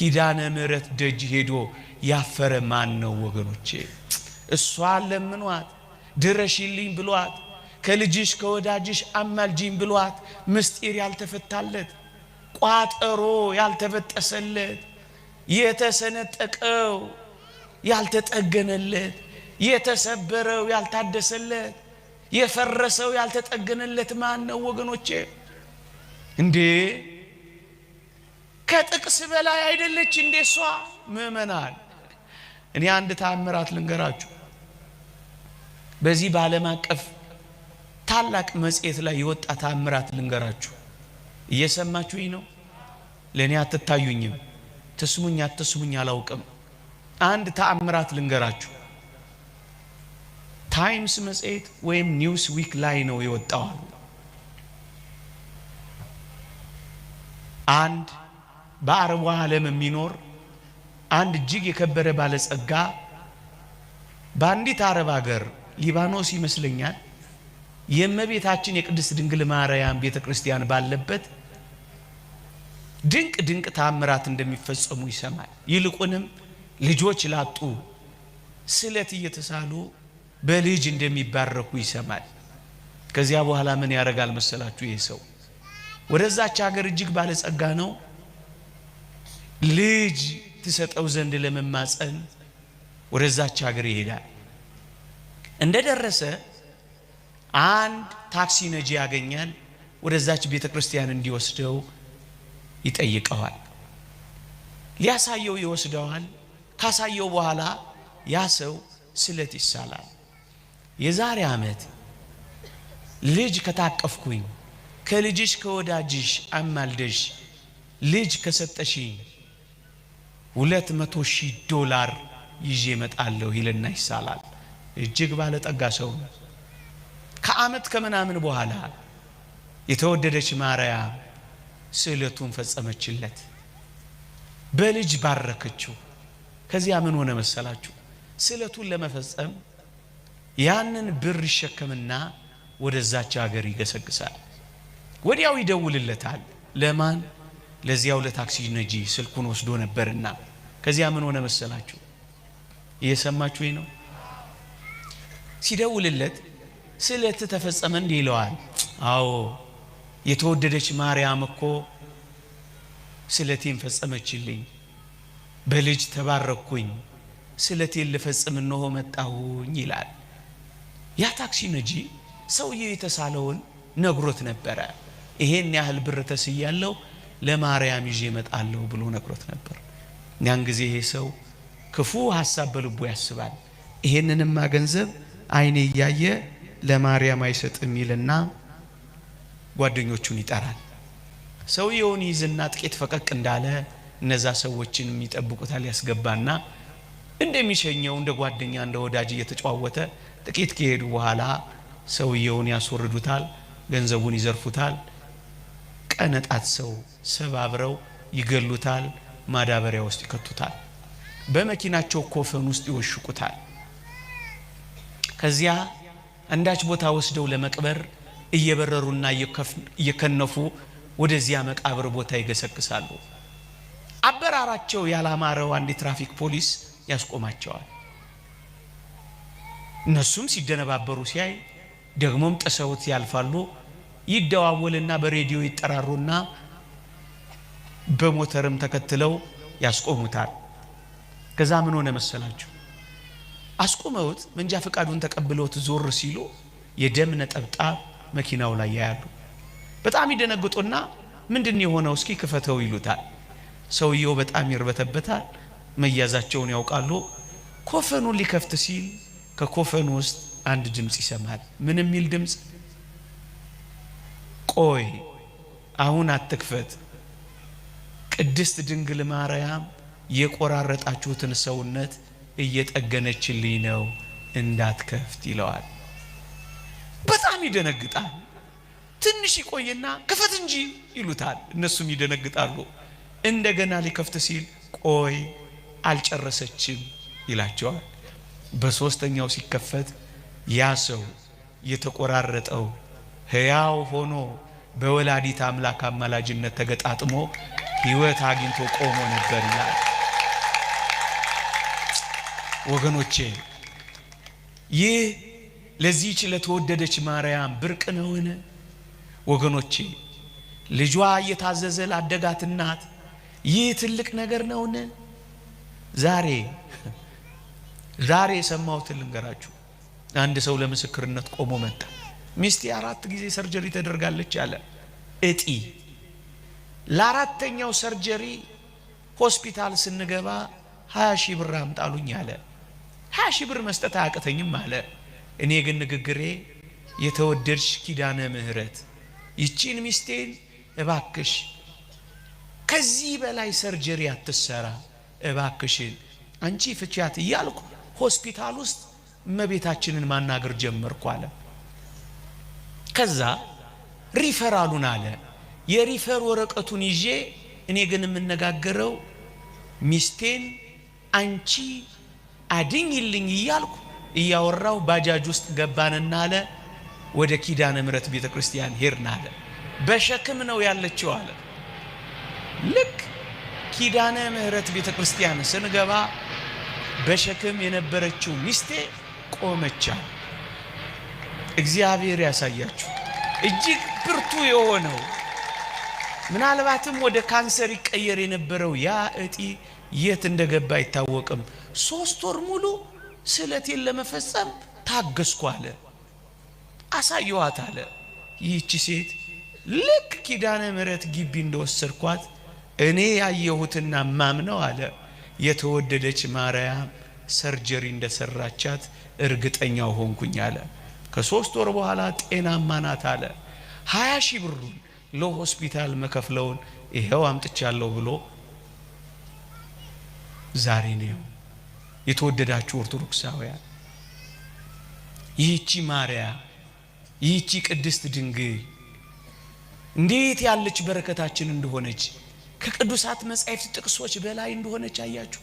ኪዳነ ምሕረት ደጅ ሄዶ ያፈረ ማን ነው ወገኖቼ? እሷ ለምኗት ድረሽልኝ ብሏት ከልጅሽ ከወዳጅሽ አማልጅኝ ብሏት ምስጢር ያልተፈታለት ቋጠሮ ያልተበጠሰለት የተሰነጠቀው ያልተጠገነለት የተሰበረው ያልታደሰለት የፈረሰው ያልተጠገነለት ማን ነው ወገኖቼ እንዴ? ከጥቅስ በላይ አይደለች እንዴ እሷ? ምእመናን፣ እኔ አንድ ተአምራት ልንገራችሁ። በዚህ በዓለም አቀፍ ታላቅ መጽሔት ላይ የወጣ ተአምራት ልንገራችሁ። እየሰማችሁኝ ነው? ለእኔ አትታዩኝም፣ ትስሙኝ አትስሙኝ አላውቅም። አንድ ተአምራት ልንገራችሁ። ታይምስ መጽሔት ወይም ኒውስ ዊክ ላይ ነው የወጣዋል አንድ በአረቡ ዓለም የሚኖር አንድ እጅግ የከበረ ባለጸጋ በአንዲት አረብ ሀገር ሊባኖስ ይመስለኛል የእመቤታችን የቅድስት ድንግል ማርያም ቤተ ክርስቲያን ባለበት ድንቅ ድንቅ ታምራት እንደሚፈጸሙ ይሰማል። ይልቁንም ልጆች ላጡ ስለት እየተሳሉ በልጅ እንደሚባረኩ ይሰማል። ከዚያ በኋላ ምን ያደርጋል መሰላችሁ? ይህ ሰው ወደዛች ሀገር እጅግ ባለጸጋ ነው። ልጅ ትሰጠው ዘንድ ለመማፀን ወደዛች ሀገር ይሄዳል። እንደደረሰ አንድ ታክሲ ነጂ ያገኛል። ወደዛች ቤተ ክርስቲያን እንዲወስደው ይጠይቀዋል። ሊያሳየው ይወስደዋል። ካሳየው በኋላ ያ ሰው ስለት ይሳላል። የዛሬ ዓመት ልጅ ከታቀፍኩኝ ከልጅሽ ከወዳጅሽ አማልደሽ ልጅ ከሰጠሽኝ ሁለት መቶ ሺህ ዶላር ይዤ እመጣለሁ ይልና ይሳላል። እጅግ ባለጠጋ ሰው ነው። ከዓመት ከምናምን በኋላ የተወደደች ማርያም ስዕለቱን ፈጸመችለት፣ በልጅ ባረከችው። ከዚያ ምን ሆነ መሰላችሁ? ስዕለቱን ለመፈጸም ያንን ብር ይሸከምና ወደዛች ሀገር ይገሰግሳል። ወዲያው ይደውልለታል። ለማን? ለዚያው ለታክሲ ነጂ ስልኩን ወስዶ ነበርና ከዚያ ምን ሆነ መሰላችሁ? እየሰማችሁ ነው። ሲደውልለት ስለት ተፈጸመ እንዲህ ይለዋል። አዎ የተወደደች ማርያም እኮ ስለቴን ፈጸመችልኝ፣ በልጅ ተባረኩኝ፣ ስለቴን ልፈጽም እነሆ መጣሁኝ ይላል። ያ ታክሲ ነጂ ሰውዬው የተሳለውን ነግሮት ነበረ። ይሄን ያህል ብር ተስያለው ለማርያም ይዤ እመጣለሁ ብሎ ነግሮት ነበር። ያን ጊዜ ይሄ ሰው ክፉ ሀሳብ በልቡ ያስባል። ይሄንንማ ገንዘብ አይኔ እያየ ለማርያም አይሰጥም ይልና ጓደኞቹን ይጠራል። ሰውየውን ይዝና ጥቂት ፈቀቅ እንዳለ እነዛ ሰዎችን የሚጠብቁታል ያስገባና እንደሚሸኘው እንደ ጓደኛ እንደ ወዳጅ እየተጫወተ ጥቂት ከሄዱ በኋላ ሰውየውን ያስወርዱታል፣ ገንዘቡን ይዘርፉታል። ቀነጣት ሰው ሰባብረው ይገሉታል። ማዳበሪያ ውስጥ ይከቱታል። በመኪናቸው ኮፈን ውስጥ ይወሽቁታል። ከዚያ አንዳች ቦታ ወስደው ለመቅበር እየበረሩና እየከነፉ ወደዚያ መቃብር ቦታ ይገሰግሳሉ። አበራራቸው ያላማረው አንድ የትራፊክ ፖሊስ ያስቆማቸዋል። እነሱም ሲደነባበሩ ሲያይ ደግሞም ጥሰውት ያልፋሉ። ይደዋወልና በሬዲዮ ይጠራሩና በሞተርም ተከትለው ያስቆሙታል። ከዛ ምን ሆነ መሰላችሁ? አስቆመውት መንጃ ፈቃዱን ተቀብለውት ዞር ሲሉ የደም ነጠብጣብ መኪናው ላይ ያያሉ። በጣም ይደነግጡና ምንድን የሆነው እስኪ ክፈተው ይሉታል። ሰውየው በጣም ይርበተበታል። መያዛቸውን ያውቃሉ። ኮፈኑን ሊከፍት ሲል ከኮፈኑ ውስጥ አንድ ድምፅ ይሰማል። ምን የሚል ድምፅ? ቆይ አሁን አትክፈት ቅድስት ድንግል ማርያም የቆራረጣችሁትን ሰውነት እየጠገነችልኝ ነው እንዳትከፍት ይለዋል። በጣም ይደነግጣል። ትንሽ ይቆይና ክፈት እንጂ ይሉታል። እነሱም ይደነግጣሉ። እንደገና ሊከፍት ሲል ቆይ አልጨረሰችም ይላቸዋል። በሦስተኛው ሲከፈት ያ ሰው የተቆራረጠው ሕያው ሆኖ በወላዲት አምላክ አማላጅነት ተገጣጥሞ ህይወት አግኝቶ ቆሞ ነበር ይላል። ወገኖቼ ይህ ለዚህች ለተወደደች ማርያም ብርቅ ነውን? ወገኖቼ ልጇ እየታዘዘ ላደጋት እናት ይህ ትልቅ ነገር ነውን? ዛሬ ዛሬ የሰማሁትን ልንገራችሁ። አንድ ሰው ለምስክርነት ቆሞ መጣ። ሚስቴ አራት ጊዜ ሰርጀሪ ተደርጋለች አለ። እጢ ለአራተኛው ሰርጀሪ ሆስፒታል ስንገባ ሀያ ሺህ ብር አምጣሉኝ አለ። ሀያ ሺህ ብር መስጠት አያቅተኝም አለ። እኔ ግን ንግግሬ የተወደድሽ ኪዳነ ምሕረት ይቺን ሚስቴን እባክሽ ከዚህ በላይ ሰርጀሪ አትሰራ እባክሽን አንቺ ፍቻት እያልኩ ሆስፒታል ውስጥ እመቤታችንን ማናገር ጀመርኩ አለ። ከዛ ሪፈራሉን አለ የሪፈር ወረቀቱን ይዤ እኔ ግን የምነጋገረው ሚስቴን አንቺ አድኝልኝ እያልኩ እያወራው ባጃጅ ውስጥ ገባንና አለ ወደ ኪዳነ ምረት ቤተ ክርስቲያን ሄድን አለ። በሸክም ነው ያለችው አለ። ልክ ኪዳነ ምህረት ቤተ ክርስቲያን ስንገባ በሸክም የነበረችው ሚስቴ ቆመቻ። እግዚአብሔር ያሳያችሁ እጅግ ብርቱ የሆነው ምናልባትም ወደ ካንሰር ይቀየር የነበረው ያ እጢ የት እንደገባ አይታወቅም። ሶስት ወር ሙሉ ስለቴን ለመፈጸም ታገስኩ አለ። አሳየኋት አለ። ይህቺ ሴት ልክ ኪዳነ ምሕረት ግቢ እንደወሰድኳት እኔ ያየሁትና ማምነው አለ የተወደደች ማርያም ሰርጀሪ እንደሰራቻት እርግጠኛው ሆንኩኝ አለ። ከሶስት ወር በኋላ ጤናማ ናት አለ። ሀያ ሺህ ብሩን ለሆስፒታል መከፍለውን ይሄው አምጥቻለሁ ብሎ ዛሬ ነው። የተወደዳችሁ ኦርቶዶክሳውያን ይህቺ ማርያ ይህቺ ቅድስት ድንግል እንዴት ያለች በረከታችን እንደሆነች ከቅዱሳት መጻሕፍት ጥቅሶች በላይ እንደሆነች አያችሁ።